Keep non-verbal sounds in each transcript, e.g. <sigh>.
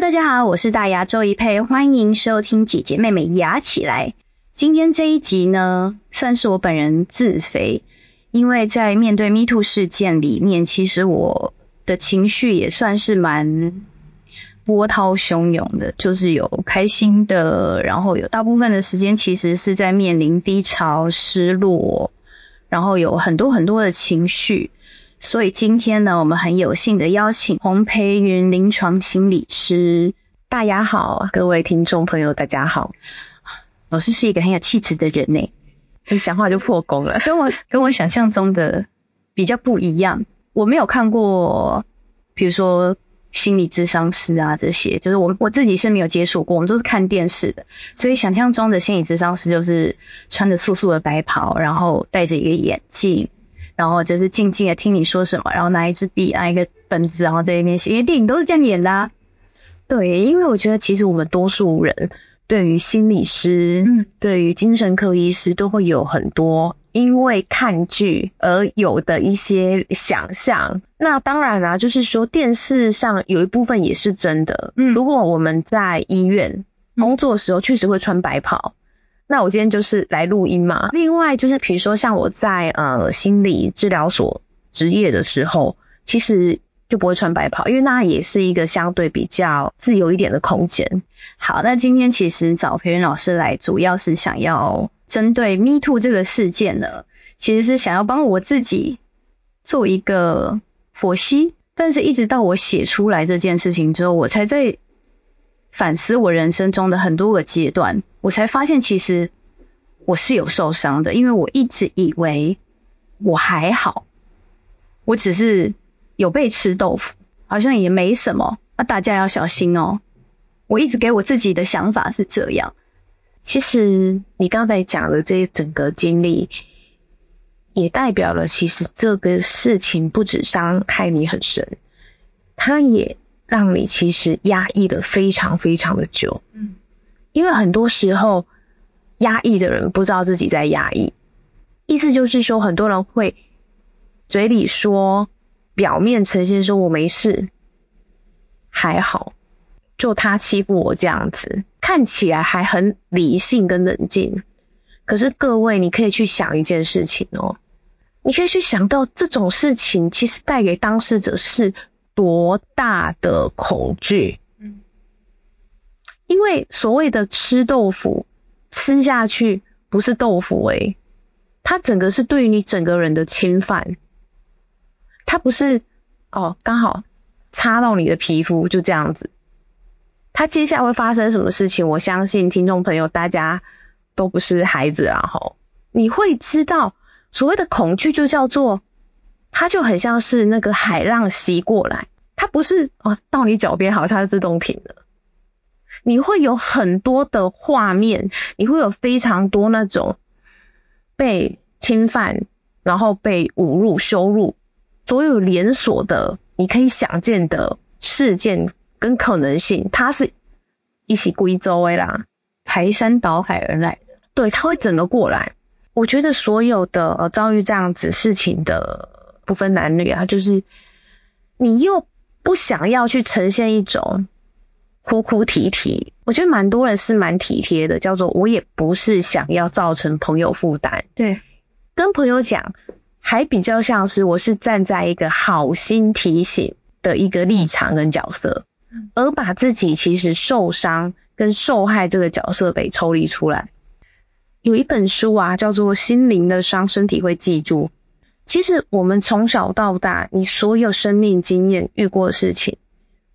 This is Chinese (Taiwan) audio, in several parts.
大家好，我是大牙周宜霈，歡迎收聽姐姐妹妹牙起來。今天這一集呢，算是我本人自肥，因為在面對 Me Too 事件裡面，其實我的情緒也算是蠻波濤洶湧的，就是有開心的，然後有大部分的時間其實是在面臨低潮、失落，然後有很多很多的情緒。所以今天呢，我們很有幸的邀請洪培芸臨床心理師，大家好，各位聽眾朋友，大家好。老師是,是一個很有氣質的人呢、欸，你 <laughs> 講話就破功了，跟我跟我想象中的比較不一樣。我沒有看過，比如說心理諮商師啊這些，就是我我自己是沒有接觸過，我們都是看電視的，所以想象中的心理諮商師就是穿着素素的白袍，然後戴着一個眼鏡。然後就是靜靜的聽你說什麼，然後拿一支筆，拿一個本子，然後在那邊寫。因為電影都是這樣演的啊，對。因為我覺得其實我們多數人對於心理師，嗯，對於精神科醫師都會有很多因為看劇而有的一些想象。那當然啊，就是說電視上有一部分也是真的。嗯，如果我們在醫院工作的時候，確實會穿白袍。那我今天就是來錄音嘛。另外就是，比如說像我在呃心理治療所執業的時候，其實就不會穿白袍，因為那也是一個相對比較自由一點的空間。好，那今天其實找培云老師來，主要是想要針對 “me too” 這個事件呢，其實是想要幫我自己做一個剖析。但是一直到我寫出來這件事情之後，我才在反思我人生中的很多個階段，我才發現其實我是有受傷的，因為我一直以為我還好，我只是有被吃豆腐，好像也沒什麼。那、啊、大家要小心哦！我一直給我自己的想法是這樣。其實你剛才講的這整個經歷，也代表了其實這個事情不止傷害你很深，它也。讓你其實壓抑的非常非常的久，嗯，因為很多時候壓抑的人不知道自己在壓抑，意思就是說，很多人會嘴裡說，表面呈現說我沒事，還好，就他欺負我這樣子，看起來還很理性跟冷靜，可是各位你可以去想一件事情哦，你可以去想到這種事情其實帶給當事者是。多大的恐懼？因為所謂的吃豆腐，吃下去不是豆腐哎、欸，它整個是對於你整個人的侵犯。它不是哦，剛好擦到你的皮膚就這樣子。它接下來會發生什麼事情？我相信聽眾朋友大家都不是孩子然、啊、吼，你會知道所謂的恐懼就叫做。它就很像是那個海浪襲過來，它不是哦到你腳邊好像，它就自動停了。你會有很多的畫面，你會有非常多那種被侵犯，然後被侮辱、羞辱，所有連鎖的，你可以想見的事件跟可能性，它是一起歸周啦，排山倒海而來。對，它會整個過來。我覺得所有的、哦、遭遇這樣子事情的不分男女啊，就是你又不想要去呈現一種哭哭啼啼，我覺得蠻多人是蠻體貼的，叫做我也不是想要造成朋友負擔。對，跟朋友講還比較像是我是站在一個好心提醒的一個立場跟角色，而把自己其實受傷跟受害這個角色給抽離出來。有一本書啊，叫做《心靈的傷，身體會記住》。其實我們從小到大，你所有生命經驗遇過的事情，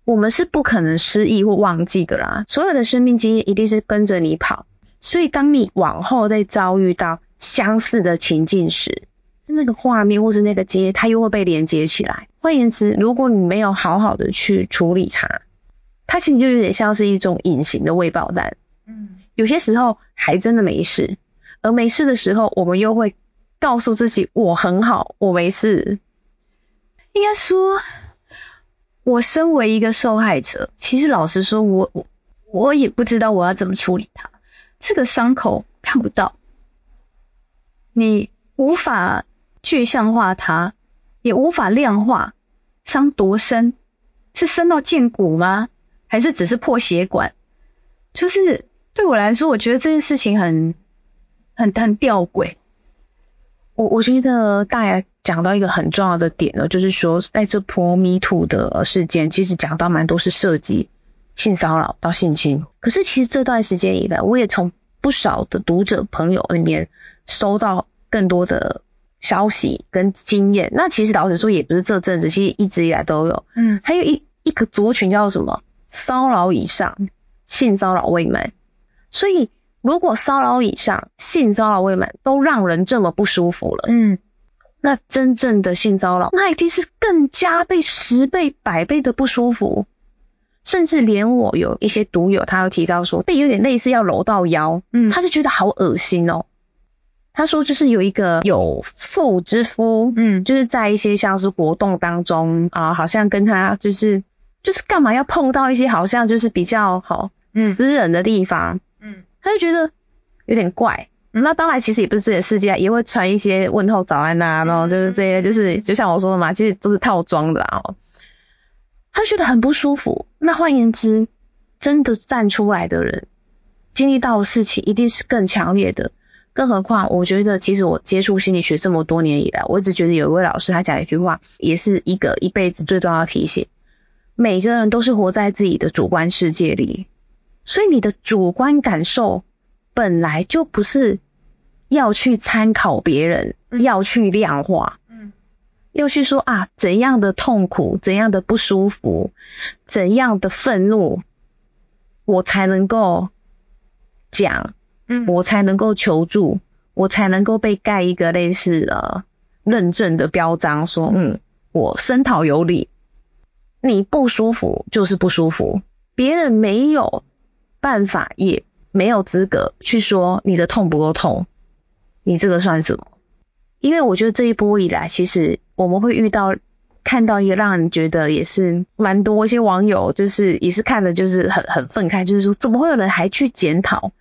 我們是不可能失憶或忘記的啦。所有的生命經驗一定是跟着你跑，所以當你往後再遭遇到相似的情境時，那個畫面或是那個階段，它又會被連接起來。換言之，如果你沒有好好的去處理它，它其實就有點像是一種隱形的未爆彈。嗯，有些時候還真的沒事，而沒事的時候，我們又會。告訴自己我很好，我沒事。應該說，我身為一個受害者，其實老實說，我我我也不知道我要怎麼處理它。這個傷口看不到，你無法具象化它，也無法量化傷多深，是深到見骨嗎？還是只是破血管？就是對我來說，我覺得這件事情很很很吊詭。我我覺得大牙講到一個很重要的點呢，就是說在這波 MeToo 的事件，其實講到蠻多是涉及性騷擾到性侵。可是其實這段時間以來，我也從不少的讀者朋友裡面收到更多的消息跟經驗。那其實老實說，也不是這陣子，其實一直以來都有。嗯，還有一一個族群叫什麼？騷擾以上，性騷擾未滿，所以。如果騷擾以上，性騷擾未滿都讓人這麼不舒服了，嗯，那真正的性騷擾那一定是更加倍十倍百倍的不舒服，甚至連我有一些獨友，他有提到說被有點類似要摟到腰，嗯，他就覺得好惡心哦。他說就是有一個有婦之夫，嗯，就是在一些像是活動當中啊，好像跟他就是就是幹嘛要碰到一些好像就是比較好私人的地方。嗯他就覺得有點怪，那當然其實也不是自己的世界，也會傳一些問候早安吶、啊，然後就是這些，就是就像我說的嘛，其實都是套裝的哦、啊。他就覺得很不舒服。那換言之，真的站出來的人，經歷到的事情一定是更強烈的。更何況，我覺得其實我接觸心理學這麼多年以來，我一直覺得有一位老師他講一句話，也是一個一輩子最重要的提醒：每個人都是活在自己的主觀世界裡。所以你的主觀感受本來就不是要去參考別人，嗯、要去量化，嗯，要去說啊怎樣的痛苦，怎樣的不舒服，怎樣的憤怒，我才能夠講，嗯，我才能夠求助，我才能夠被蓋一個類似的認證的標章，說，嗯，我聲討有理，你不舒服就是不舒服，別人沒有辦法也沒有資格去說你的痛不夠痛，你這個算什麼？因為我覺得這一波以來，其實我們會遇到看到一個讓人覺得也是蠻多一些網友，就是也是看的，就是很很憤慨，就是說怎麼會有人還去檢討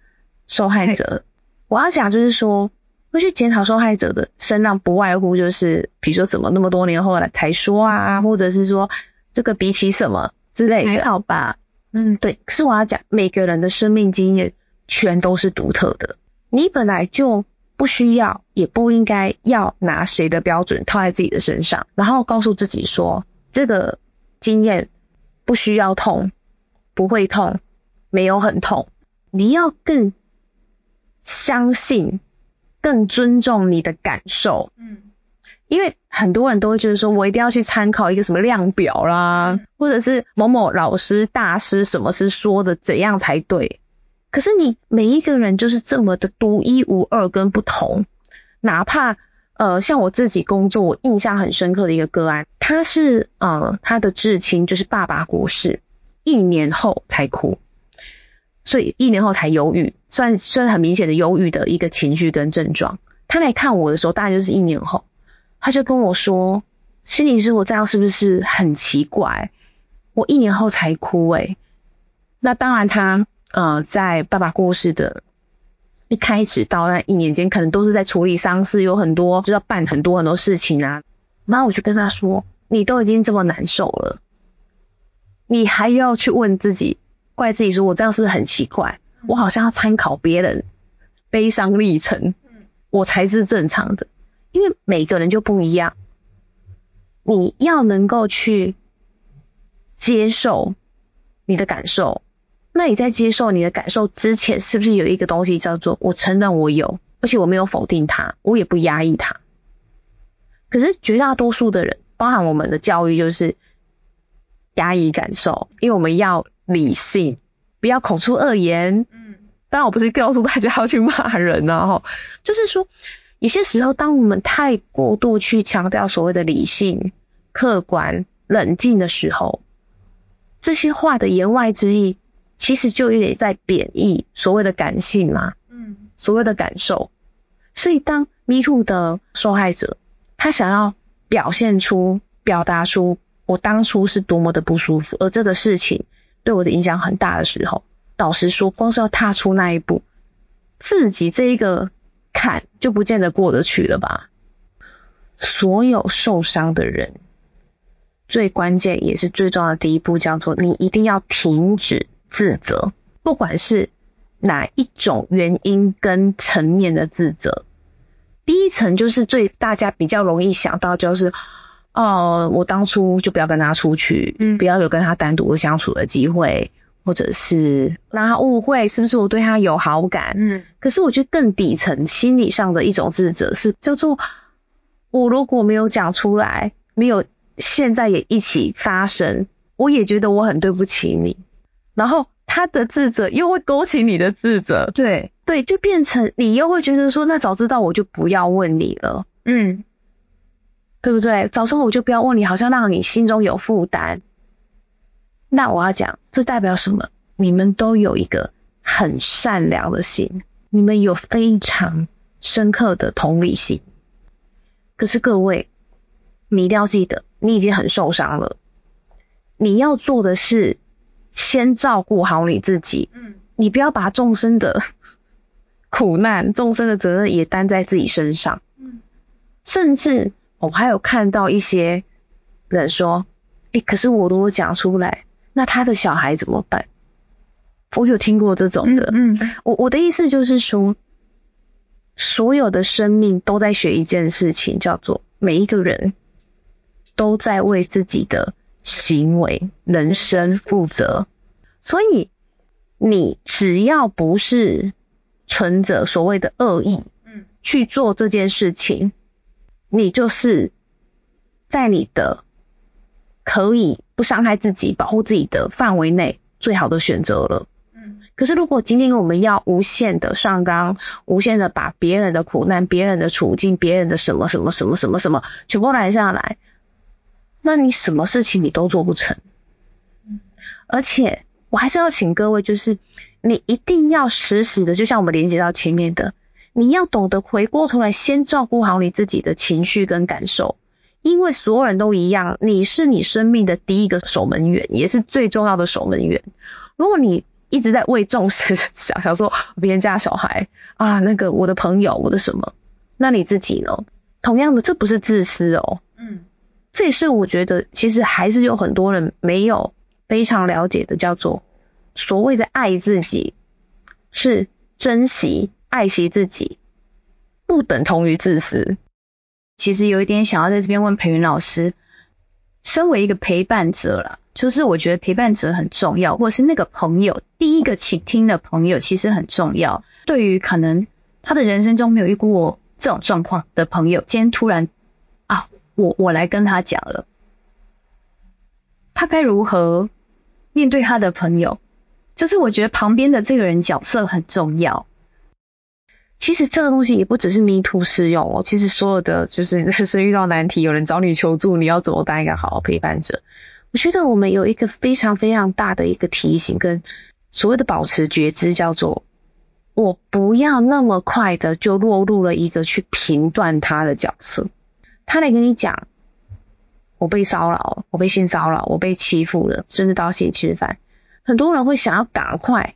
受害者？我要講就是說，會去檢討受害者的聲浪，不外乎就是比如說怎麼那麼多年後來才說啊，或者是說這個比起什麼之類的還好吧。嗯，對。可是我要講，每個人的生命經驗全都是獨特的。你本來就不需要，也不應該要拿誰的標準套在自己的身上，然後告訴自己說這個經驗不需要痛，不會痛，沒有很痛。你要更相信，更尊重你的感受。嗯。因為很多人都會覺得說，我一定要去參考一個什麼量表啦，或者是某某老師、大師什麼師說的怎樣才對。可是你每一個人就是這麼的獨一無二跟不同，哪怕呃像我自己工作，我印象很深刻的一個個案，他是呃他的至親就是爸爸過世，一年後才哭，所以一年後才憂鬱，算算很明顯的憂鬱的一個情緒跟症狀。他來看我的時候，大概就是一年後。他就跟我說：“心理師，我這樣是不是很奇怪？我一年後才哭誒、欸。那當然他，他呃，在爸爸過世的一開始到那一年間，可能都是在處理喪事，有很多就要辦很多很多事情啊。那我就跟他說：“你都已經這麼難受了，你還要去問自己，怪自己說我這樣是不是很奇怪？我好像要參考別人悲傷歷程，我才是正常的。”因為每個人就不一樣，你要能夠去接受你的感受，那你在接受你的感受之前，是不是有一個東西叫做我承認我有，而且我沒有否定它，我也不壓抑它？可是絕大多數的人，包含我們的教育，就是壓抑感受，因為我們要理性，不要口出惡言。嗯，當然我不是告訴大家要去罵人啊，齁，就是說。有些時候，當我們太過度去強調所謂的理性、客觀、冷靜的時候，這些話的言外之意，其實就有點在貶抑所謂的感性嘛，嗯，所謂的感受。所以，當 MeToo 的受害者，他想要表現出、表達出我當初是多麼的不舒服，而這個事情對我的影響很大的時候，老實說，光是要踏出那一步，自己這一個。看就不見得過得去了吧？所有受傷的人，最關鍵也是最重要的第一步叫做：你一定要停止自責，不管是哪一種原因跟層面的自責。第一層就是最大家比較容易想到，就是哦，我當初就不要跟他出去，嗯，不要有跟他單獨相處的機會。或者是讓他誤會是不是我對他有好感？嗯，可是我覺得更底層心理上的一種自責是叫做我如果沒有講出來，沒有現在也一起發生，我也覺得我很對不起你。然後他的自責又會勾起你的自責，對對，就變成你又會覺得說那早知道我就不要問你了，嗯，對不對？早知道我就不要問你，好像讓你心中有負擔。那我要講，這代表什麼？你們都有一個很善良的心，你們有非常深刻的同理心。可是各位，你一定要記得，你已經很受傷了。你要做的是，先照顧好你自己。嗯。你不要把眾生的苦難、眾生的責任也擔在自己身上。嗯。甚至，我還有看到一些人說：“誒，可是我如果講出來。”那他的小孩怎麼辦？我有聽過這種的。嗯，嗯，我我的意思就是說，所有的生命都在學一件事情，叫做每一個人都在為自己的行為、人生負責。所以，你只要不是存着所謂的惡意，嗯，去做這件事情，嗯，你就是在你的可以。不傷害自己、保護自己的範圍內，最好的選擇了。嗯，可是如果今天我們要無限的上綱、無限的把別人的苦難、別人的處境、別人的什麼什麼什麼什麼什麼全部攬下來，那你什麼事情你都做不成。而且我還是要請各位，就是你一定要時時的，就像我們連接到前面的，你要懂得回過頭來，先照顧好你自己的情緒跟感受。因為所有人都一樣，你是你生命的第一個守門員，也是最重要的守門員。如果你一直在為眾生想想說別人家小孩啊，那個我的朋友，我的什麼，那你自己呢？同樣的，這不是自私哦。嗯，這也是我覺得其實還是有很多人沒有非常了解的，叫做所謂的愛自己，是珍惜、愛惜自己，不等同於自私。其實有一點想要在這邊問培芸老師，身為一個陪伴者了，就是我覺得陪伴者很重要，或是那個朋友，第一個傾聽的朋友其實很重要。對於可能他的人生中沒有遇過這種狀況的朋友，今天突然啊，我我來跟他講了，他該如何面對他的朋友？就是我覺得旁邊的這個人角色很重要。其實這個東西也不只是迷途適用哦。其實所有的就是，那、就是遇到難題，有人找你求助，你要怎麼當一個好,好陪伴者？我覺得我們有一個非常非常大的一個提醒，跟所謂的保持覺知，叫做我不要那麼快的就落入了一個去評斷他的角色。他來跟你講，我被騷擾，我被性騷擾，我被欺負了，甚至到性侵犯。很多人會想要趕快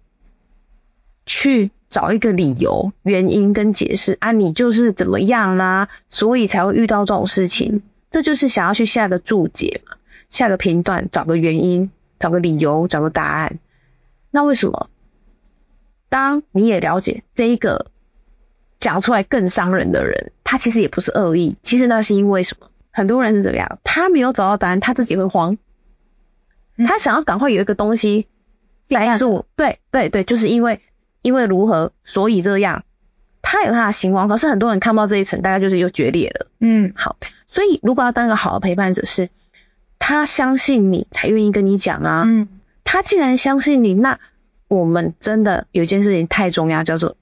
去。找一個理由、原因跟解釋啊，你就是怎麼樣啦、啊，所以才會遇到這種事情。這就是想要去下個注解嘛，下個片段，找個原因，找個理由，找個答案。那為什麼？當你也了解這一個講出來更傷人的人，他其實也不是惡意，其實那是因為什麼？很多人是怎麼樣？他沒有找到答案，他自己會慌，他想要趕快有一個東西來壓住、嗯。對對對，就是因為。因為如何，所以這樣。他有他的行為，可是很多人看不到這一層，大概就是又決裂了。嗯，好。所以如果要當一個好的陪伴者是，是他相信你才願意跟你講啊。嗯，他既然相信你，那我們真的有一件事情太重要，叫做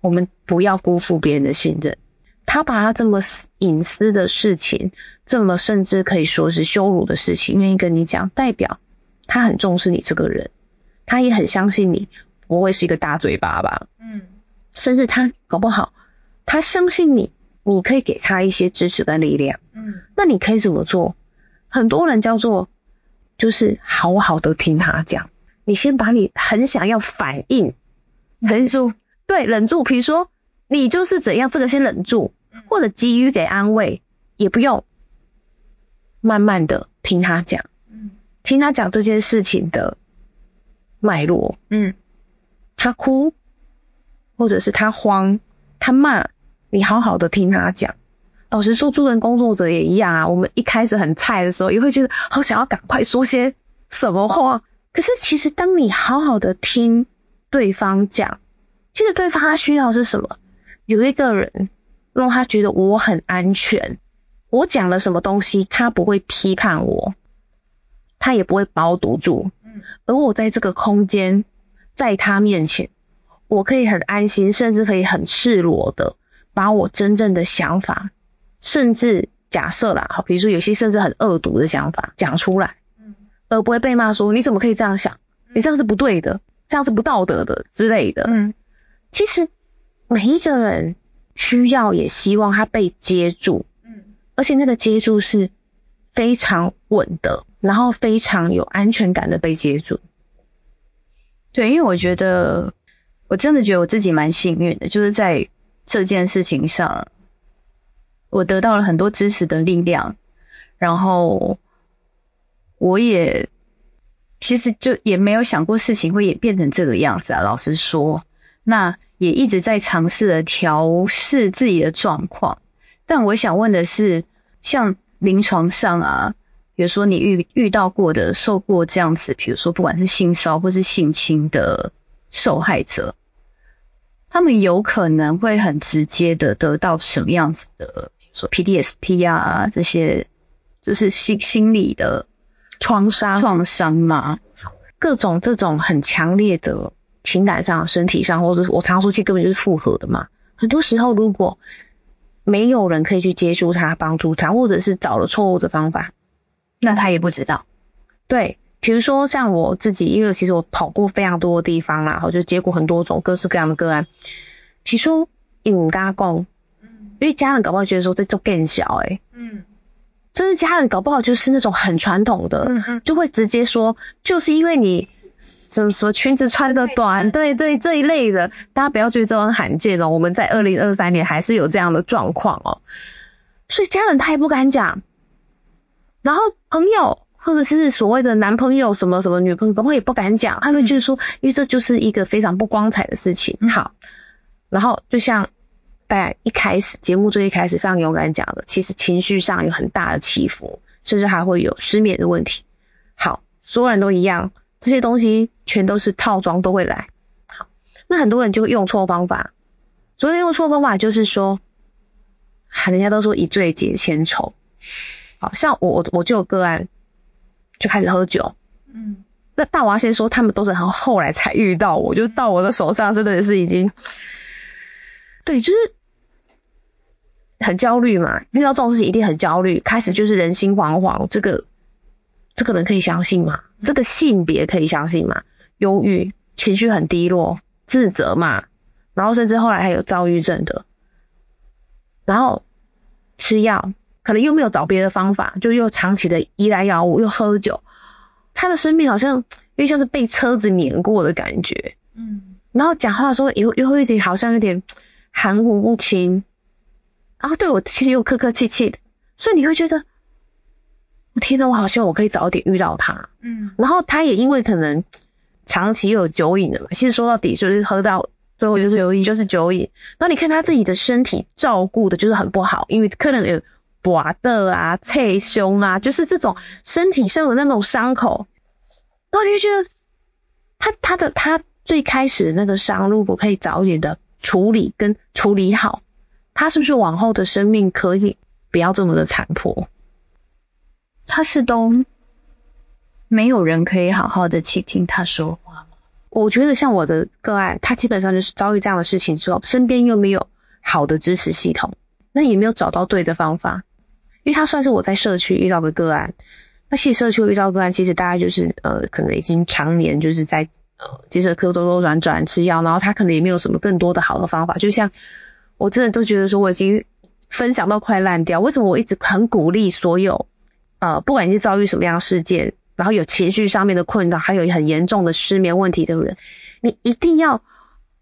我們不要辜負別人的信任。他把他這麼隱私的事情，這麼甚至可以說是羞辱的事情，願意跟你講，代表他很重視你這個人，他也很相信你。不會是一個大嘴巴吧？嗯，甚至他搞不好，他相信你，你可以給他一些支持跟力量。嗯，那你可以怎麼做？很多人叫做，就是好好的聽他講。你先把你很想要反應，嗯、忍住，對，忍住。比如說，你就是怎樣，這個先忍住，或者急於給安慰，也不用，慢慢的聽他講，嗯，聽他講這件事情的脈絡，嗯。他哭，或者是他慌，他罵，你好好的聽他講。老實說，助人工作者也一樣啊。我們一開始很菜的時候，也會覺得好想要趕快說些什麼話。可是其實當你好好的聽對方講，其實對方他需要的是什麼？有一個人讓他覺得我很安全。我講了什麼東西，他不會批判我，他也不會把我堵住。嗯，而我在這個空間。在他面前，我可以很安心，甚至可以很赤裸的把我真正的想法，甚至假設啦，好，比如說有些甚至很惡毒的想法講出來，嗯，而不會被罵說你怎麼可以這樣想，你這樣是不對的，這樣是不道德的之類的，嗯，其實每一個人需要也希望他被接住，嗯，而且那個接住是非常穩的，然後非常有安全感的被接住。對，因為我覺得，我真的覺得我自己蠻幸運的，就是在這件事情上，我得到了很多支持的力量，然後我也其實就也沒有想過事情會演變成這個樣子啊。老實說，那也一直在嘗試著調試自己的狀況，但我想問的是，像臨床上啊。比如說你遇遇到過的，受過這樣子，比如說不管是性騷或是性侵的受害者，他們有可能會很直接的得到什麼樣子的，比如說 PTSD 啊這些，就是心心理的創傷，啊，創傷嘛，各種這種很強烈的情感上、身體上，或者我常說其實根本就是複合的嘛。很多時候如果沒有人可以去接觸他、幫助他，或者是找了錯誤的方法。那他也不知道，嗯、對，比如說像我自己，因為其實我跑過非常多的地方啦，然後就接過很多種各式各樣的個案，比如說隱睾公，嗯，因為家人搞不好覺得說這就變小誒、欸，嗯，就是家人搞不好就是那種很傳統的，嗯哼，就會直接說就是因為你什麼什麼裙子穿的短的，對對，對，這一類的。大家不要覺得這很罕見的哦，我們在二零二三年還是有這樣的狀況哦，所以家人他也不敢講。然後朋友，或者是所謂的男朋友什麼什麼女朋友，可能也不敢講，他們就是說、嗯，因為這就是一個非常不光彩的事情。嗯、好，然後就像大家一開始，一開始節目最一開始非常勇敢講的，其實情緒上有很大的起伏，甚至還會有失眠的問題。好，所有人都一樣，這些東西全都是套裝都會來。好，那很多人就會用錯方法，昨天用錯方法就是說，人家都說一醉解千愁。像我，我就有個案就開始喝酒，嗯，那大牙先說，他們都是很後來才遇到我，就到我的手上，真的是已經，對，就是很焦慮嘛，遇到這種事情一定很焦慮，開始就是人心惶惶，這個這個人可以相信嗎？這個性別可以相信嗎？憂鬱，情緒很低落，自責嘛，然後甚至後來還有躁鬱症的，然後吃藥。可能又沒有找別的方法，就又長期的依賴藥物，又喝酒。他的生命好像有點像是被車子碾過的感覺，嗯。然後講話的時候又又會有點，好像有點含糊不清。然、啊、後對我其實又客客氣氣的，所以你會覺得，我天哪，我好希望我可以早一點遇到他，嗯。然後他也因為可能長期又有酒癮的嘛，其實說到底就是喝到最後就是有，癮、就是，就是酒癮。然後你看他自己的身體照顧的就是很不好，因為可能有。剮的啊，刺胸啊，就是這種身體上的那種傷口，到底就覺得他他的他最開始的那個傷，如果可以早點的處理跟處理好，他是不是往後的生命可以不要這麼的殘破？他是都沒有人可以好好的去聽他說話，我覺得像我的個案，他基本上就是遭遇這樣的事情之後，身邊又沒有好的支持系統，那也沒有找到對的方法。因為他算是我在社區遇到的個案，那其實社區遇到個案，其實大家就是呃，可能已經常年就是在呃，接受科多多轉轉吃藥，然後他可能也沒有什麼更多的好的方法。就像我真的都覺得說我已經分享到快爛掉，為什麼我一直很鼓勵所有呃，不管你是遭遇什麼樣的事件，然後有情緒上面的困擾，還有很嚴重的失眠問題的人，你一定要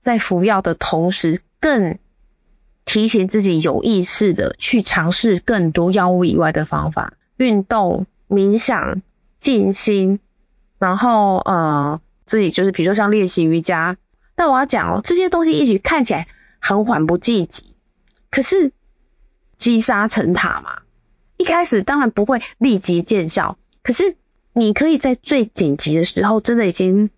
在服藥的同時更。提醒自己有意識的去嘗試更多藥物以外的方法，運動、冥想、靜心，然後呃，自己就是比如說像練習瑜伽。但我要講哦，這些東西一直看起來很緩不濟急，可是積沙成塔嘛，一開始當然不會立即見效，可是你可以在最緊急的時候，真的已經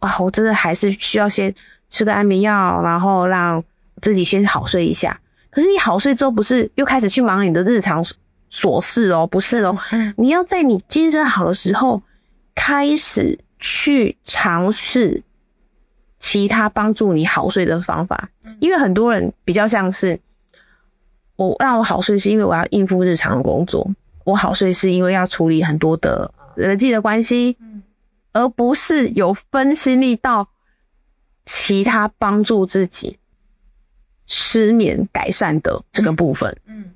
哇，我真的還是需要先吃個安眠藥，然後讓。自己先好睡一下，可是你好睡之後不是又開始去忙你的日常瑣事哦，不是哦，你要在你精神好的時候開始去嘗試其他幫助你好睡的方法，因為很多人比較像是我讓我好睡是因為我要應付日常的工作，我好睡是因為要處理很多的人際的關係，而不是有分心力到其他幫助自己。失眠改善的這個部分，嗯，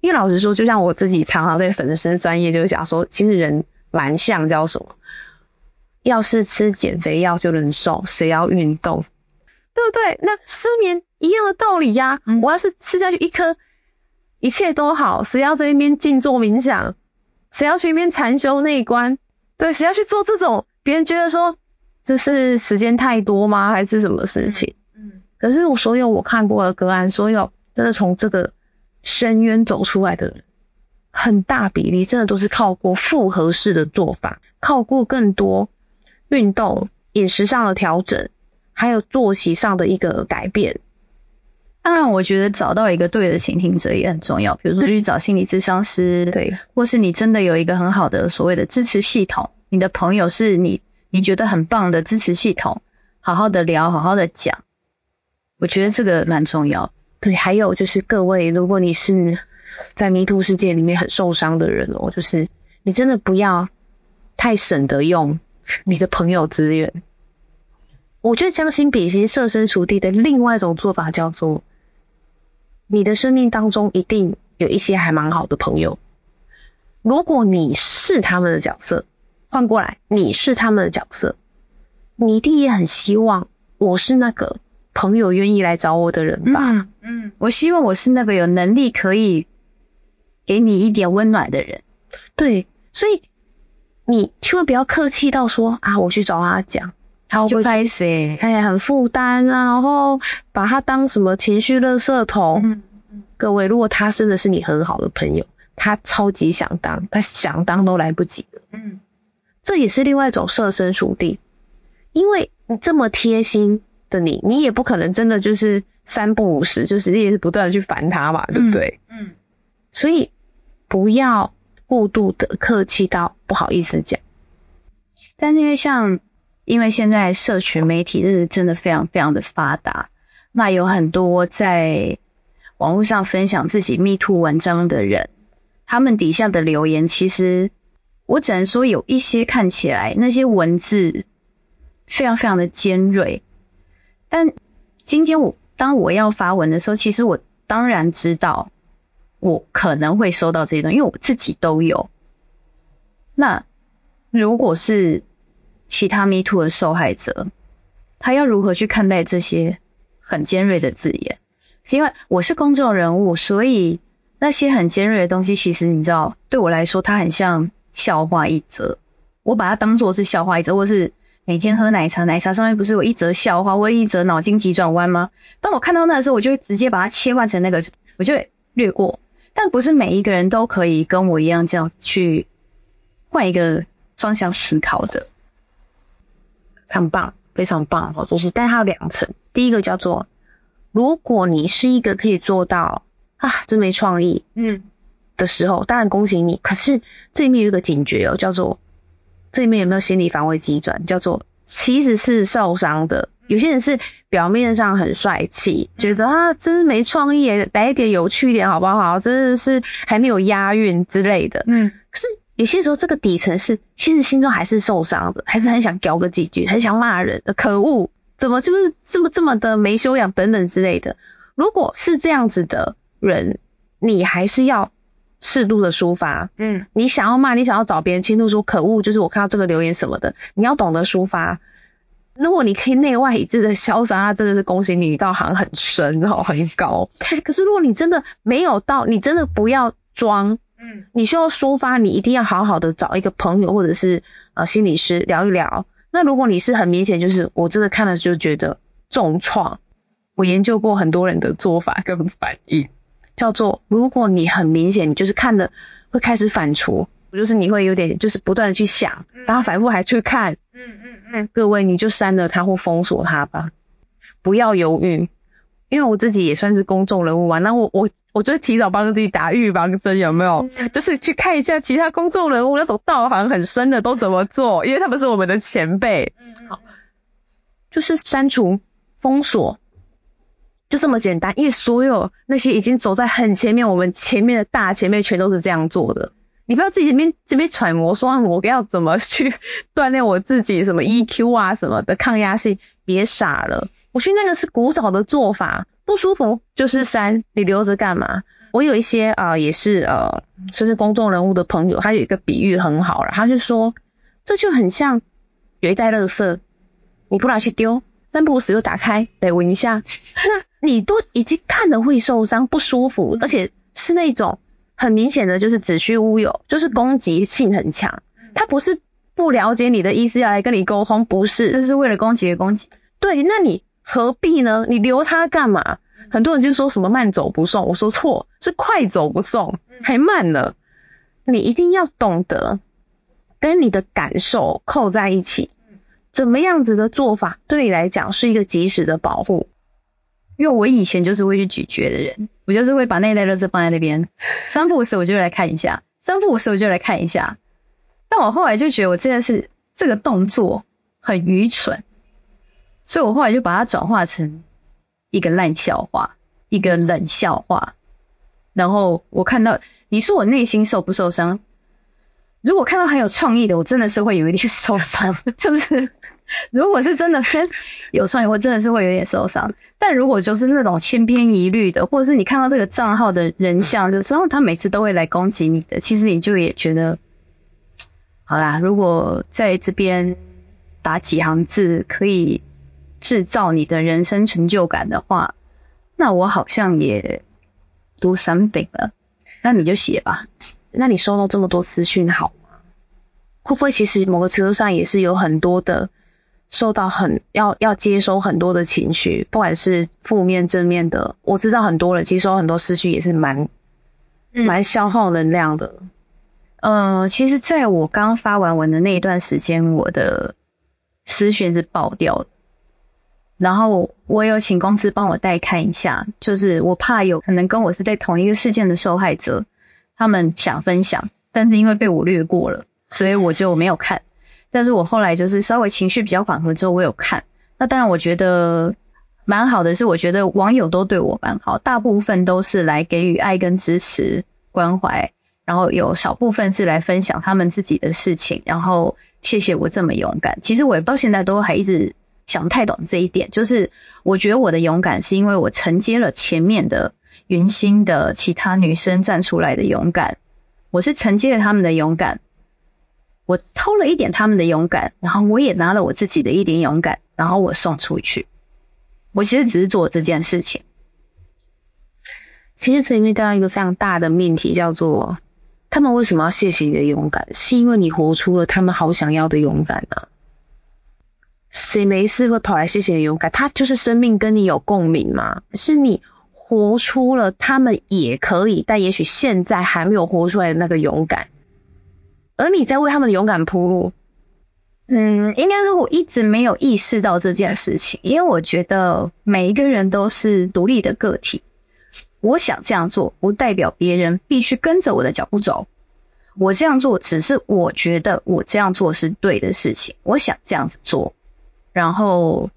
因為老實說，就像我自己常常對粉絲專業就是講說，其實人蠻像叫什麼，要是吃減肥藥就能瘦，誰要運動，對不對？那失眠一樣的道理呀，啊，嗯，我要是吃下去一顆，一切都好，誰要在那邊靜坐冥想，誰要去一邊禪修內觀，對，誰要去做這種，別人覺得說這是時間太多嗎，還是什麼事情？嗯。可是我所有我看過的個案，所有真的從這個深淵走出來的很大比例真的都是靠過複合式的做法，靠過更多運動、飲食上的調整，還有作息上的一個改變。當然，我覺得找到一個對的傾聽者也很重要，比如說去找心理諮商師， <laughs> 對，或是你真的有一個很好的所謂的支持系統，你的朋友是你你覺得很棒的支持系統，好好的聊，好好的講。我覺得這個蠻重要，對。還有就是各位，如果你是在迷途世界裡面很受傷的人哦，就是你真的不要太省得用你的朋友資源。我覺得將心比心、設身處地的另外一種做法叫做：你的生命當中一定有一些還蠻好的朋友，如果你是他們的角色，換過來你是他們的角色，你一定也很希望我是那個。朋友願意來找我的人吧，嗯、啊，我希望我是那個有能力可以給你一點溫暖的人。對，所以你千萬不要客氣到說啊，我去找他講，不好開始，哎呀，很負擔啊，然後把他當什麼情緒垃圾桶。嗯，各位，如果他真的是你很好的朋友，他超級想當，他想當都來不及。嗯，這也是另外一種設身處地，因為你這麼貼心的你，你也不可能真的就是三不五時，就是一直也是不斷的去煩他吧，對、嗯、不對？嗯。所以不要過度的客氣到不好意思講。但是因為像，因為現在社群媒體是真，真的非常非常的發達，那有很多在網絡上分享自己 Me Too 文章的人，他們底下的留言，其實我只能說有一些看起來那些文字非常非常的尖銳。但今天我當我要發文的時候，其實我當然知道我可能會收到這些東西，因為我自己都有。那如果是其他 Me Too 的受害者，他要如何去看待這些很尖銳的字眼？是因為我是公眾人物，所以那些很尖銳的東西，其實你知道，對我來說，它很像笑話一則。我把它當作是笑話一則，或是。每天喝奶茶，奶茶上面不是有一則笑話或一則腦筋急轉彎嗎？當我看到那的時候，我就會直接把它切換成那個，我就會略過。但不是每一個人都可以跟我一樣這樣去換一個方向思考的，很棒，非常棒哦！就是，但它有兩層，第一個叫做，如果你是一個可以做到啊，真沒創意，嗯，的時候，當然恭喜你。可是這裡面有一個警覺哦，叫做。這裡面有沒有心理防衛機轉？叫做其實是受傷的。有些人是表面上很帥氣，覺得啊，真是沒創意，來一點有趣一點好不好？真的是還沒有押韻之類的。嗯，可是有些時候這個底層是，其實心中還是受傷的，還是很想叼個幾句，很想罵人的，可惡，怎麼就是這麼這麼的沒修養等等之類的。如果是這樣子的人，你還是要適度的抒發，嗯，你想要罵，你想要找別人傾訴說，可惡，就是我看到這個留言什麼的，你要懂得抒發。如果你可以內外一致的瀟灑，那真的是恭喜你，道行很深哦，很高。可是如果你真的沒有到，你真的不要裝，嗯，你需要抒發，你一定要好好的找一個朋友或者是呃心理師聊一聊。那如果你是很明顯，就是我真的看了就覺得重創，我研究過很多人的做法跟反應。叫做，如果你很明顯，你就是看的會開始反芻，就是你會有點，就是不斷的去想，然後反復還去看，嗯嗯嗯，各位你就刪了他或封鎖他吧，不要猶豫，因為我自己也算是公眾人物吧、啊，那我我我就提早幫自己打預防針，有沒有？就是去看一下其他公眾人物那種道行很深的都怎麼做，因為他們是我們的前輩，嗯，好，就是刪除、封鎖。就這麼簡單，因為所有那些已經走在很前面，我們前面的大前輩全都是這樣做的。你不要自己這邊這邊揣摩說我要怎麼去鍛鍊我自己什麼 EQ 啊什麼的抗壓性，別傻了。我去那個是古早的做法，不舒服就是刪，你留着幹嘛？我有一些啊、呃，也是呃，甚至公眾人物的朋友，他有一個比喻很好啦，他就說，這就很像有一袋垃圾，你不拿去丟。三不五時又打開得聞一下，那你都已經看了會受傷不舒服，而且是那種很明顯的，就是子虛烏有，就是攻擊性很強。他不是不了解你的意思要來跟你溝通，不是，就是為了攻擊而攻擊。對，那你何必呢？你留他幹嘛？很多人就說什麼慢走不送，我說錯是快走不送，還慢呢。你一定要懂得跟你的感受扣在一起。怎麼樣子的做法對你來講是一個及時的保護？因為我以前就是會去咀嚼的人，我就是會把那袋樂子放在那邊。 <laughs> 三不五時我就來看一下，三不五時我就來看一下。但我後來就覺得我真的是這個動作很愚蠢，所以我後來就把它轉化成一個爛笑話，一個冷笑話。然後我看到你說我內心受不受傷？如果看到很有創意的，我真的是會有一點受傷，就是。 <laughs> 如果是真的有創意，我真的是會有點受傷。但如果就是那種千篇一律的，或者是你看到這個賬號的人像，有時候他每次都會來攻擊你的，其實你就也覺得好啦。如果在這邊打幾行字可以制造你的人生成就感的話，那我好像也讀散本了。那你就寫吧。那你收到這麼多資訊好嗎？會不會其實某個程度上也是有很多的？受到很要要接收很多的情緒，不管是負面正面的，我知道很多人接收很多思緒也是蠻蠻、嗯、消耗能量的。嗯、呃，其實在我剛發完文的那一段時間，我的私訊是爆掉的，然後我有請公司幫我代看一下，就是我怕有可能跟我是在同一個事件的受害者，他們想分享，但是因為被我略過了，所以我就沒有看。但是我後來就是稍微情緒比較緩和之後，我有看。那當然，我覺得蠻好的是，我覺得網友都對我蠻好，大部分都是來給予愛跟支持、關懷，然後有少部分是來分享他們自己的事情，然後謝謝我這麼勇敢。其實我到現在都還一直想不太懂這一點，就是我覺得我的勇敢是因為我承接了前面的云心的其他女生站出來的勇敢，我是承接了她們的勇敢。我偷了一點他們的勇敢，然後我也拿了我自己的一點勇敢，然後我送出去。我其實只是做這件事情。其實這裡面帶到一個非常大的命題，叫做他們為什麼要謝謝你的勇敢？是因為你活出了他們好想要的勇敢呢，啊？誰沒事會跑來謝謝你的勇敢？他就是生命跟你有共鳴嗎？是你活出了他們也可以，但也許現在還沒有活出來的那個勇敢。而你在為他們的勇敢鋪路，嗯，應該是我一直沒有意識到這件事情，因為我覺得每一個人都是獨立的個體。我想這樣做，不代表別人必須跟着我的腳步走。我這樣做，只是我覺得我這樣做是對的事情。我想這樣子做，然後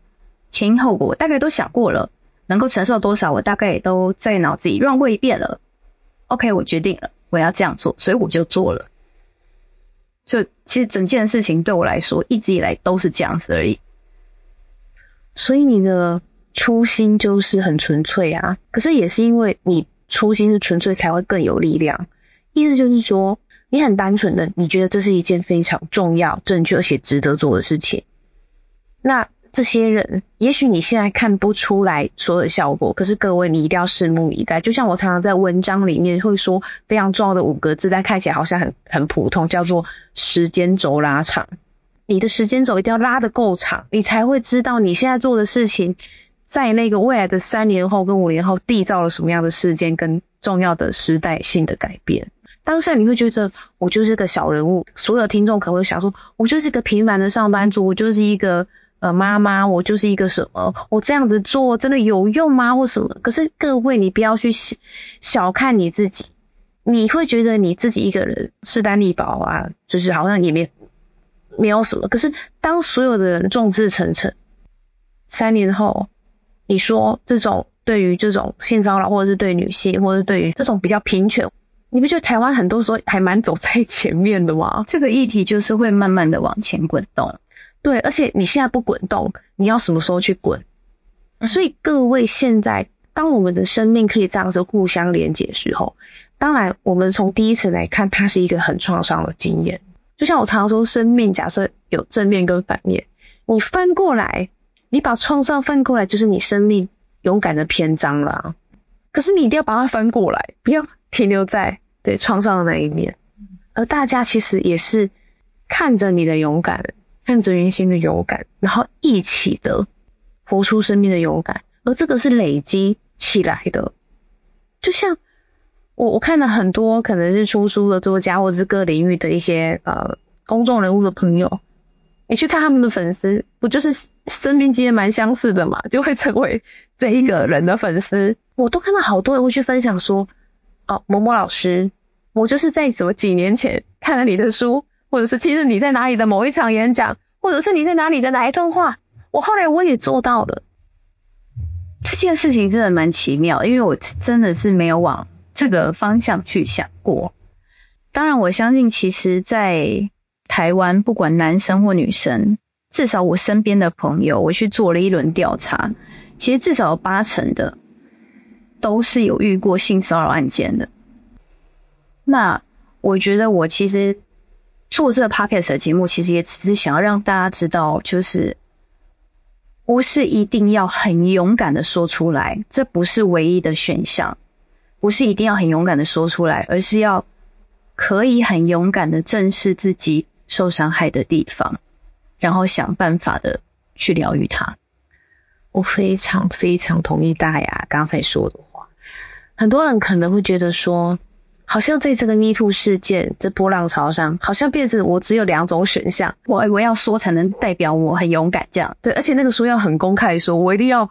前因後果我大概都想過了，能夠承受多少我大概也都在腦子裡亂過一遍了。OK，我決定了，我要這樣做，所以我就做了。就其實整件事情對我來說一直以來都是這樣子而已，所以你的初心就是很純粹啊。可是也是因為你初心是純粹，才會更有力量。意思就是說，你很單純的，你覺得這是一件非常重要、正確而且值得做的事情。那這些人，也許你現在看不出來所有效果，可是各位，你一定要拭目以待。就像我常常在文章裡面會說非常重要的五個字，但看起來好像很很普通，叫做時間軸拉長。你的時間軸一定要拉得夠長，你才會知道你現在做的事情，在那個未來的三年後跟五年後，締造了什麼樣的事件跟重要的時代性的改變。當下你會覺得我就是個小人物，所有聽眾可能會想說，我就是一個平凡的上班族，我就是一個。呃，媽媽，我就是一個什麼？我這樣子做真的有用嗎？或什麼？可是各位，你不要去小看你自己，你會覺得你自己一個人勢單力薄啊，就是好像也沒沒有什麼。可是當所有的人眾志成城，三年後，你說這種對於這種性騷擾，或者是對女性，或者是對於這種比較貧窮，你不覺得台灣很多時候還蠻走在前面的嗎？這個議題就是會慢慢的往前滾動。對，而且你現在不滾動，你要什麼時候去滾？所以各位現在，當我們的生命可以這樣子互相連結的時候，當然我們從第一層來看，它是一個很創傷的經驗。就像我常說，生命假設有正面跟反面，你翻過來，你把創傷翻過來，就是你生命勇敢的篇章了啊。可是你一定要把它翻過來，不要停留在對創傷的那一面，而大家其實也是看着你的勇敢。看哲雲星的勇敢，然後一起的活出生命的勇敢，而這個是累積起來的。就像我我看了很多可能是出書的作家，或者是各領域的一些呃公眾人物的朋友，你去看他們的粉絲，不就是生命經驗蠻相似的嘛？就會成為這一個人的粉絲。我都看到好多人會去分享說，哦，某某老師，我就是在什麼幾年前看了你的書。或者是聽著你在哪裡的某一場演講，或者是你在哪裡的哪一段話，我後來我也做到了。這件事情真的蠻奇妙，因為我真的是沒有往這個方向去想過。當然，我相信其實，在台灣不管男生或女生，至少我身邊的朋友，我去做了一輪調查，其實至少有八成的都是有遇過性騷擾案件的。那我覺得我其實。做這個 podcast 的節目，其實也只是想要讓大家知道，就是不是一定要很勇敢的說出來，這不是唯一的選項，不是一定要很勇敢的說出來，而是要可以很勇敢的正視自己受傷害的地方，然後想辦法的去療癒它。我非常非常同意大牙剛才說的話，很多人可能會覺得說。好像在這個 Me Too 事件，這波浪潮上，好像變成我只有兩種選項，我我要說才能代表我很勇敢，這樣對。而且那個說要很公開說，我一定要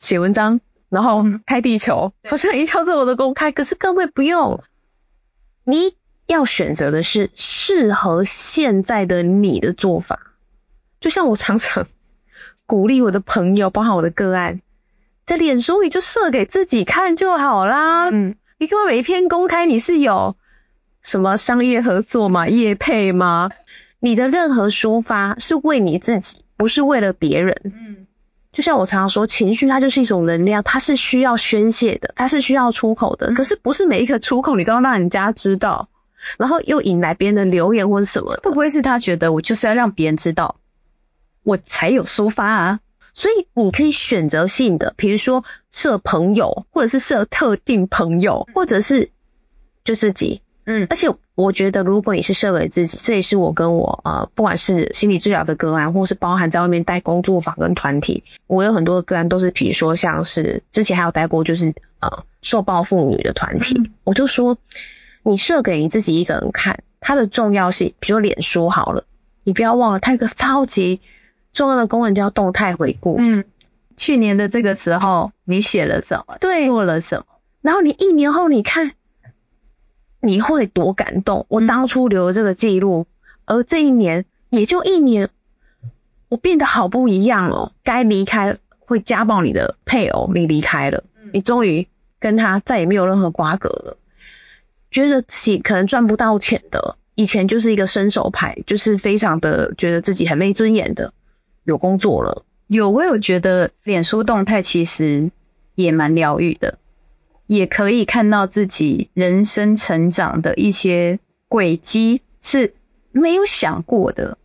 寫文章，然後開地球，好像一定要這麼的公開。可是各位不用，你要選擇的是適合現在的你的做法。就像我常常鼓勵我的朋友，包含我的個案，在臉書裡就設給自己看就好啦。嗯。你說每一篇公開，你是有什麼商業合作嗎？業配嗎？你的任何抒發是為你自己，不是為了別人。嗯，就像我常常說，情緒它就是一種能量，它是需要宣洩的，它是需要出口的，嗯。可是不是每一個出口你都要讓人家知道，然後又引來別人的留言或者什麼。會不會是他覺得我就是要讓別人知道，我才有抒發啊？所以你可以選擇性的，比如說設朋友，或者是設特定朋友，或者是就自己，嗯。而且我覺得，如果你是設給自己，這也是我跟我呃，不管是心理治療的個案，或是包含在外面帶工作坊跟團體，我有很多個案都是，比如說像是之前還有帶過就是呃受暴婦女的團體，嗯，我就說你設給你自己一個人看，它的重要性，比如說臉書好了，你不要忘了它有一個超級重要的功能叫動態回顧。嗯，去年的這個時候，你寫了什麼？對，做了什麼？然後你一年後，你看你會多感動？嗯、我當初留了這個記錄，而這一年也就一年，我變得好不一樣哦，該離開會家暴你的配偶，你離開了，你終於跟他再也沒有任何瓜葛了。嗯、覺得自己可能賺不到錢的，以前就是一個伸手牌，就是非常的覺得自己很沒尊嚴的。有工作了，有我有覺得臉書動態其實也蠻療癒的，也可以看到自己人生成長的一些軌跡是沒有想過的。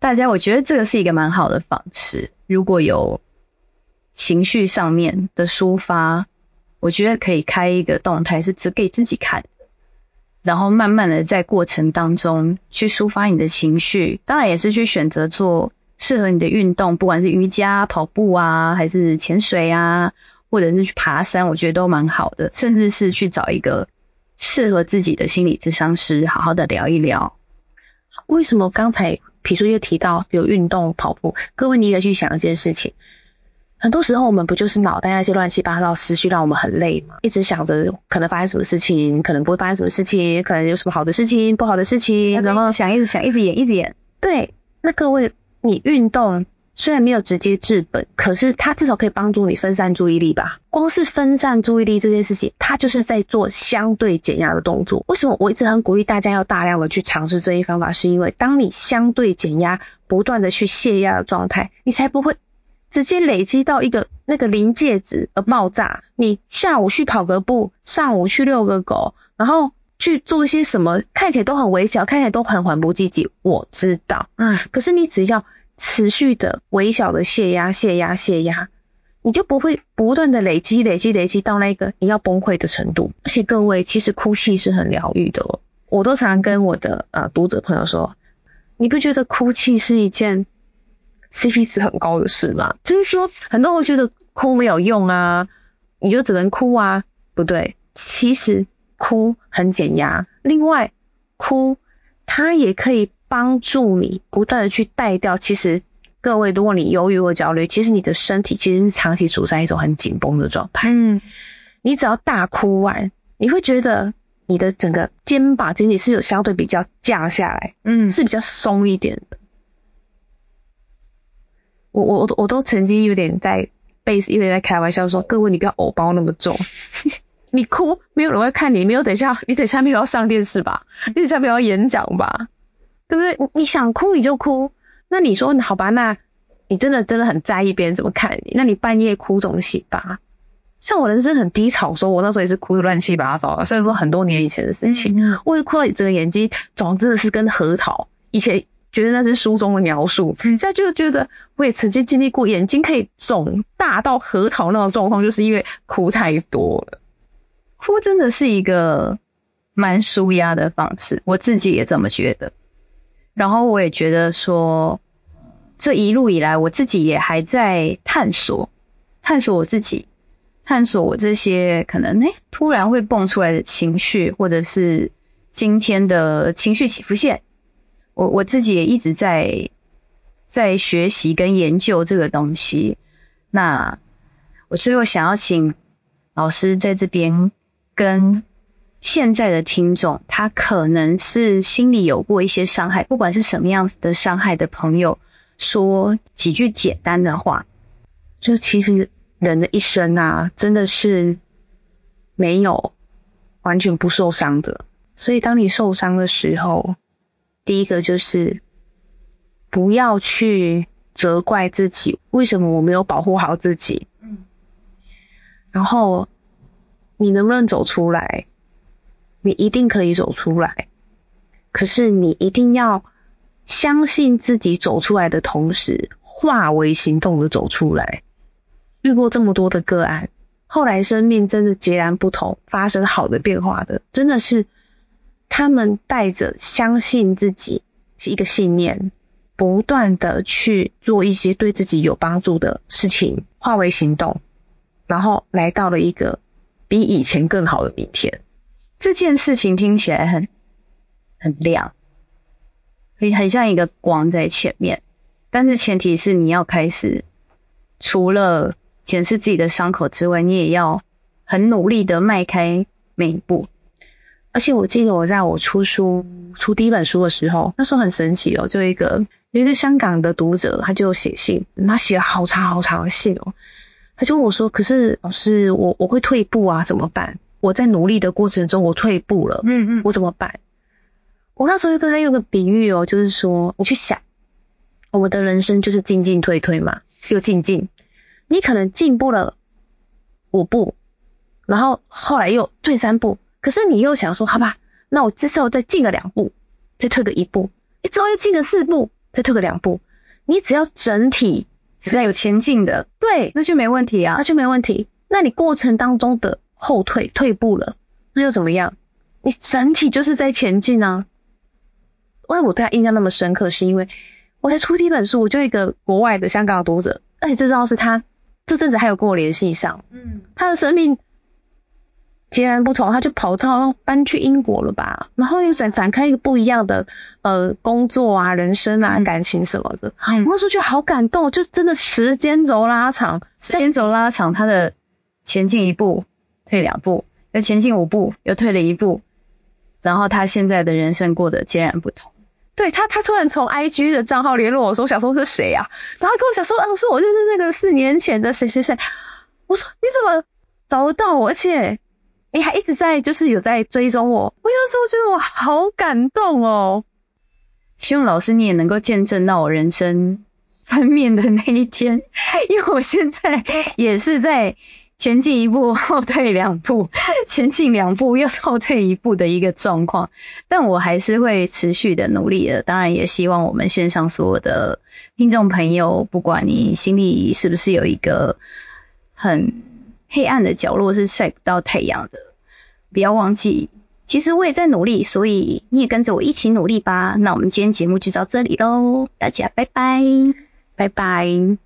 大家，我覺得這個是一個蠻好的方式。如果有情緒上面的抒發，我覺得可以開一個動態是只給自己看，然後慢慢的在過程當中去抒發你的情緒，當然也是去選擇做。適合你的運動，不管是瑜伽、跑步啊，還是潛水啊，或者是去爬山，我覺得都蠻好的。甚至是去找一個適合自己的心理諮商師，好好的聊一聊。為什麼剛才培芸又提到有運動跑步？各位你也去想一件事情，很多時候我們不就是腦袋那些亂七八糟思緒讓我們很累嗎？一直想着可能發生什麼事情，可能不會發生什麼事情，可能有什麼好的事情、不好的事情，然後想，想一直想一直演一直演。對，那各位。你運動雖然沒有直接治本，可是它至少可以幫助你分散注意力吧。光是分散注意力這件事情，它就是在做相對減壓的動作。為什麼我一直很鼓勵大家要大量的去嘗試這一方法？是因為當你相對減壓、不斷的去洩壓的狀態，你才不會直接累積到一個那個臨界值而爆炸。你下午去跑個步，上午去遛個狗，然後，去做一些什麼看起來都很微小，看起來都很緩不濟急。我知道啊、嗯，可是你只要持續的微小的洩壓、洩壓、洩壓，你就不會不斷的累積、累積、累積到那個你要崩潰的程度。而且各位，其實哭泣是很療癒的哦。我都常跟我的呃讀者朋友說，你不覺得哭泣是一件 CP 值很高的事嗎？就是說，很多人會覺得哭沒有用啊，你就只能哭啊？不對，其實。哭很減壓，另外，哭它也可以幫助你不斷的去帶掉。其實，各位，如果你憂鬱或焦慮，其實你的身體其實是長期處在一種很緊繃的狀態。嗯，你只要大哭完，你會覺得你的整個肩膀、肩頸，是有相對比較降下來，嗯，是比較鬆一點的。我、我、我、都曾經有點在被有點在開玩笑說，各位，你不要偶包那麼重。 <laughs> 你哭，沒有人會看你。沒有等一，等下你等一下沒有要上電視吧？你等一下沒有要演講吧？對不對？你你想哭你就哭。那你說好吧？那你真的真的很在意別人怎麼看你？那你半夜哭總行吧。像我人生很低潮，說我那時候也是哭的亂七八糟的。雖然說很多年以前的事情，嗯嗯我也哭，整個眼睛腫真的是跟核桃。以前覺得那是書中的描述，現、嗯、在就覺得我也曾經經歷過眼睛可以腫大到核桃那種狀況，就是因為哭太多了。哭真的是一個蠻舒壓的方式，我自己也這麼覺得。然後我也覺得說，這一路以來，我自己也還在探索，探索我自己，探索我這些可能哎突然會蹦出來的情緒，或者是今天的情緒起伏線。我我自己也一直在在學習跟研究這個東西。那我最後想要請老師在這邊，跟現在的聽眾，他可能是心裡有過一些傷害，不管是什麼樣子的傷害的朋友，說幾句簡單的話。就其實人的一生啊，真的是沒有完全不受傷的。所以當你受傷的時候，第一個就是不要去責怪自己，為什麼我沒有保護好自己？嗯，然後。你能不能走出來？你一定可以走出來。可是你一定要相信自己走出來的同時，化為行動的走出來。遇過這麼多的個案，後來生命真的截然不同，發生好的變化的，真的是他們帶着相信自己是一個信念，不斷的去做一些對自己有幫助的事情，化為行動，然後來到了一個。比以前更好的明天，這件事情聽起來很很亮，很很像一個光在前面。但是前提是你要開始，除了檢視自己的傷口之外，你也要很努力的邁開每一步。而且我記得我在我出書出第一本書的時候，那時候很神奇哦，就一個有一個香港的讀者，他就寫信，他寫了好長好長的信哦。他就問我說：“可是老師，我我會退步啊，怎麼辦？我在努力的過程中，我退步了，嗯嗯，我怎麼辦？”我那時候就跟他用個比喻哦，就是說，你去想，我們的人生就是進進退退嘛，又進進。你可能進步了五步，然後後來又退三步，可是你又想說，好吧，那我至少再進個兩步，再退個一步，你之後又進了四步，再退個兩步，你只要整體只要有前進的。對，那就沒問題啊，那就沒問題。那你過程當中的後退、退步了，那又怎麼樣？你整體就是在前進啊。為什麼我對他印象那麼深刻，是因為我才出第一本書，我就一個國外的香港的讀者，而且最重要是他這陣子還有跟我聯繫上，嗯，他的生命。截然不同，他就跑到搬去英國了吧，然後又展展開一個不一樣的呃工作啊、人生啊、感情什麼的。嗯，我那時候就好感動，就真的時間軸拉長，時間軸拉長，他的前進一步退兩步，又前進五步又退了一步，然後他現在的人生過得截然不同。對，他，他突然從 I G 的賬號聯絡我，我想說是誰呀？啊？然後他跟我想說啊，說我就是我那個四年前的誰誰誰。我說你怎麼找得到我？而且。你、欸、還一直在，就是有在追蹤我。我有時候覺得我好感動哦。希望老師你也能夠見證到我人生翻面的那一天，因為我現在也是在前進一步，後退兩步，前進兩步又後退一步的一個狀況。但我還是會持續的努力的。當然，也希望我們線上所有的聽眾朋友，不管你心裡是不是有一個很。黑暗的角落是曬不到太陽的，不要忘記，其實我也在努力，所以你也跟着我一起努力吧。那我們今天節目就到這裡嘍，大家拜拜，拜拜。